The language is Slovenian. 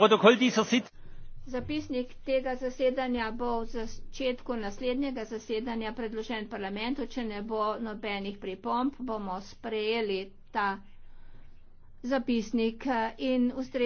Protokoll dieser Sitzung. Zapisnik tega zasedanja bo v začetku naslednjega zasedanja predložen parlamentu, če ne bo nobenih pripomp, bomo sprejeli ta zapisnik eh, in ustrezno.